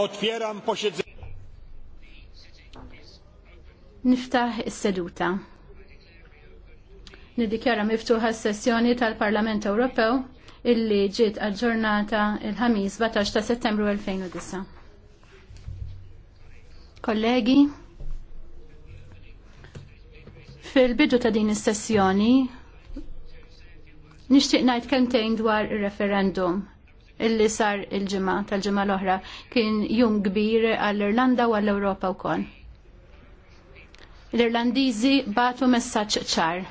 Otwieram posiedzenie. Niftaħ is-seduta. Nidikjara miftuħa s-sessjoni tal-Parlament Ewropew illi ġiet aġġornata il-ħamis 17 ta' settembru 2009. Kollegi, fil-bidu ta' din is-sessjoni nixtieq ngħid kemmtejn dwar ir-referendum illi sar il-ġimgħa tal-ġimgħa l-oħra kien jum kbir għall-Irlanda u għall-Ewropa wkoll. L-Irlandiżi batu messaġġ ċar